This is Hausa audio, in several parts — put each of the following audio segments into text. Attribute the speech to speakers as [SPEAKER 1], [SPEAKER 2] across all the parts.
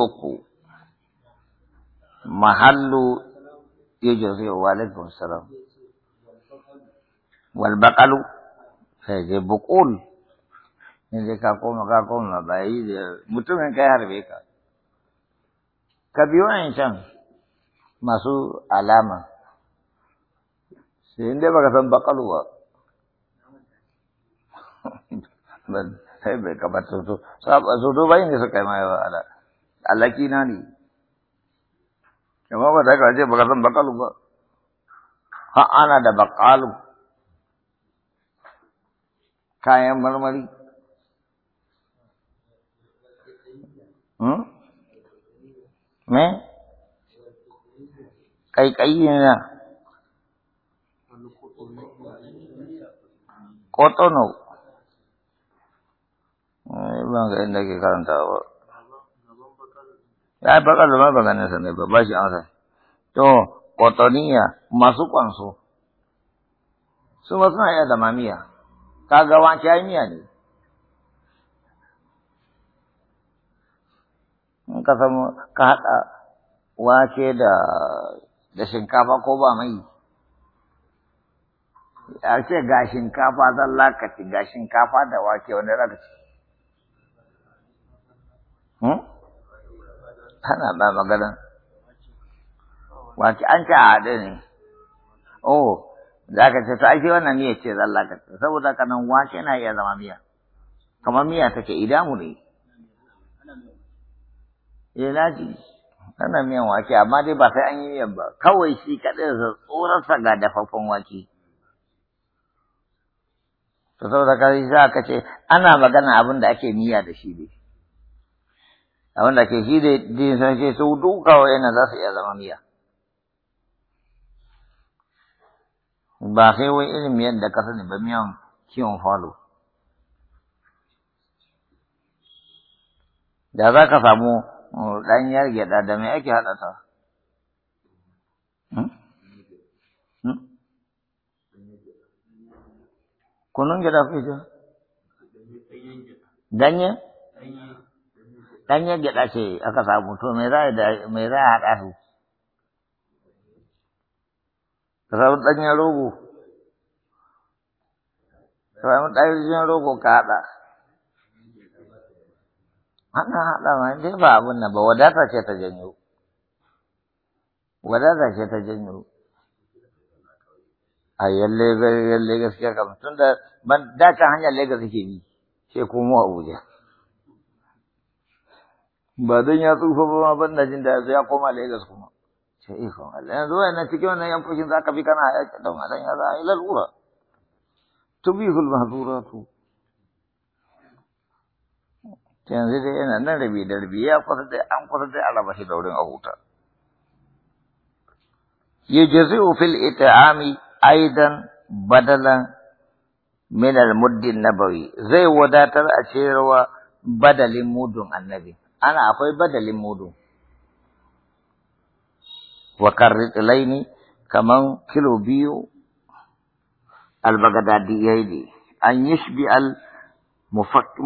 [SPEAKER 1] اوکو محلو يجري وعليكم السلام والبقل فهي بقول من ذلك قوم قوم ما بعيد متوم من كهر بيكا كبيوان إنسان ما سو علامة سيندى بقى ثم بقلوا بل هيبة كبات سوتو سوتو بعدين يسكت ما يبغى alaki na ne amma ba ta kace ce baka san bakalu ba ha ana da bakalu kayan marmari hmm? me Kaikai ne na kotono eh, ban ga inda ke karanta ba ya baka zama ba ganin sa ne ba ba shi ansa to qataniya masu kwanso su ma suna iya zama miya kaga wake ai miya ne in ka samu ka haɗa wake da shinkafa ko ba mai a ce ga shinkafa zan lakaci ga shinkafa da wake wanda zaka Hmm? tana ba magana wace an ce a haɗe ne oh za ka ce ta ake wannan miya ce zalla ka ce saboda ka nan wake na iya zama miya kamar miya take idamu ne eh na ji miyan wake amma dai ba sai an yi miyan ba kawai shi kaɗai da tsorarsa ga dafaffen wake ta saboda ka ka ce ana magana abin da ake miya da shi dai wanda ke shi da jin san shi su duka wa yana za su iya zama miya ba sai wai irin miyan da ka sani ba miyan kiwon falo da za ka samu uh, ɗanyar gyaɗa da mai ake haɗa ta hmm? Hmm? kunun gyaɗa fi ce? Danye? ɗanyar gyaɗa ce aka samu to me za a haɗa su ka samu ɗanyen rogo ka samu ɗanyen rogo ka haɗa ana haɗa ma dai ba abin nan ba wadata ce ta janyo wadata ce ta janyo a yalle gaskiya kamar tun da ban dace hanyar Lagos ke bi sai kuma Abuja ba don ya tsufa ba ma ban da jin da ya koma Lagos kuma ce eh, ikon Allah yanzu wannan cikin wannan yan fushin zaka bi kana yaki da madan ya za ila lura tubihul mahzuratu ta yanzu dai yana nan rabi da rabi ya kwasa dai an kwasa dai araba shi da wurin a huta yujzi'u fil it'ami aidan badalan min al muddin an-nabawi zai wadatar a ciyarwa badalin mudun annabi ana akwai badalin mudu wa ne kaman kilo biyu albagadadiyaini an yi yashbi al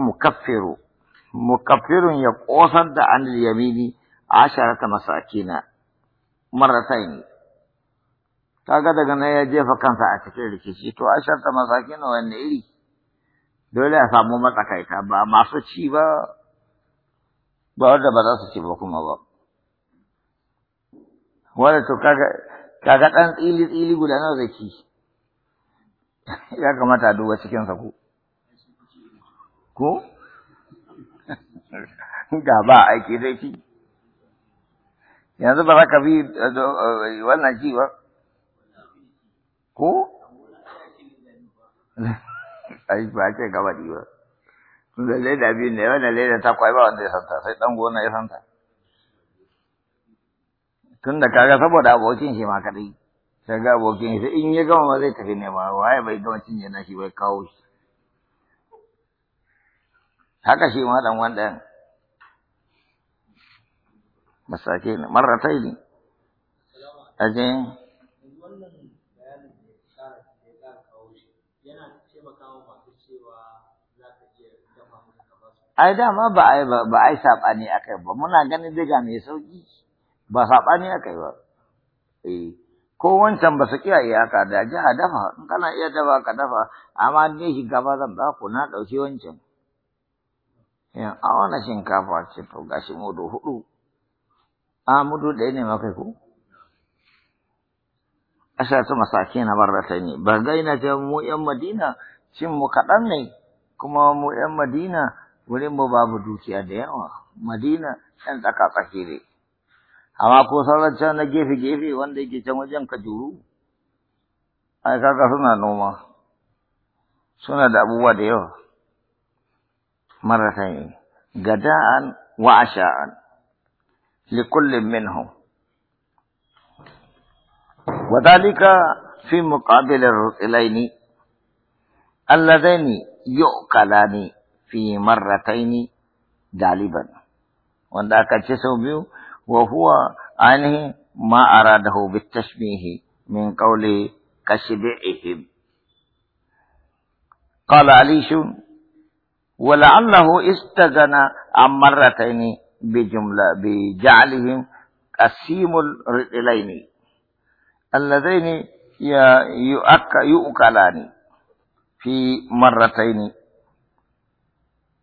[SPEAKER 1] mukaffiru mukaffirun ya kosar da an yamini asharata masakina Ta kaga daga nan ya jefa kansa a cikin rikici to asharata masakina wanne iri dole a samu matsakaita ba masu ci ba ba wanda ba za su ce ba kuma ba wanda to kaga ɗan dan tsili tsili guda nawa zaki ya kamata a duba cikin sa ku? ko ga ba aiki zai ci yanzu ba za ka bi eh, eh, wannan ci ba ko ai ba ce gaba ba da leda biyu ne wannan leda ta kwai ba wanda ya santa sai dan gona ya santa tun da kaga saboda abokin shi ma kadai sai ga abokin shi in ya gama ma zai tafi nema waye bai gama cinye na shi bai kawo shi haka shi ma dan wanda masake ne marratai ajin ai dama ba ai ba ai sabani akai ba muna ganin daga mai sauki ba sabani akai ba eh ko wancan ba su kiya iyaka da ji a dafa in kana iya dafa ka dafa amma ne shi gaba zan ba ku na dauki wancan yan awana shinkafa ce to gashi mudu hudu a mudu ɗaya ne makai ko asha ta masaki na bar da sai ne ba gaina ta mu yan madina cin mu kaɗan ne kuma mu yan madina wurin mu babu dukiya da yawa madina can tsaka tsaki ne amma ko sauran can na gefe gefe wanda yake can wajen kajuru ai kaka suna noma suna da abubuwa da yawa maratan gada'an wa asha'an لكل منهم وذلك في مقابل yau kala ne في مرتين غالبا وندا كچه بيو وهو عليه ما اراده بالتشبيه من قول كشبعهم قال علي شون ولعله استزن عن مرتين بجملة بجعلهم قسيم الرجلين اللذين يؤكلان في مرتين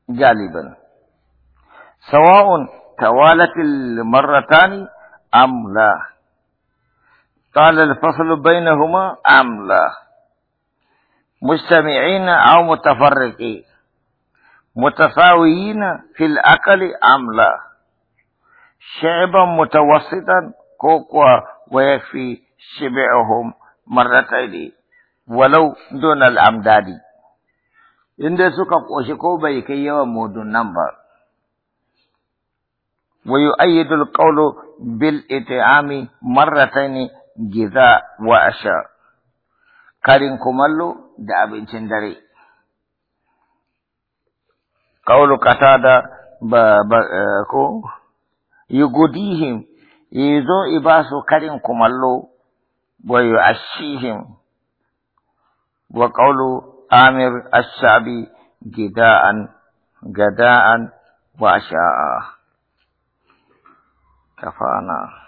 [SPEAKER 1] جالبا سواء توالت المرتان أم لا طال الفصل بينهما أم لا مجتمعين أو متفرقين متساويين في الأقل أم لا شعبا متوسطا كوكوا ويكفي شبعهم مرتين ولو دون الأمداد in dai suka ƙoshi ko bai kai yawan mudun nan ba. Wa yi ayyadul ƙaunu bil iti'ami marrataini giza wa asha, karin kumallo da abincin dare. Ƙaunu kata ba ba eh, ko, yi gudihim, yi zo ba su karin kumallo, wa yi ashihim, wa ƙaunu آمر الشعبي جداء جداء وعشاء كفانا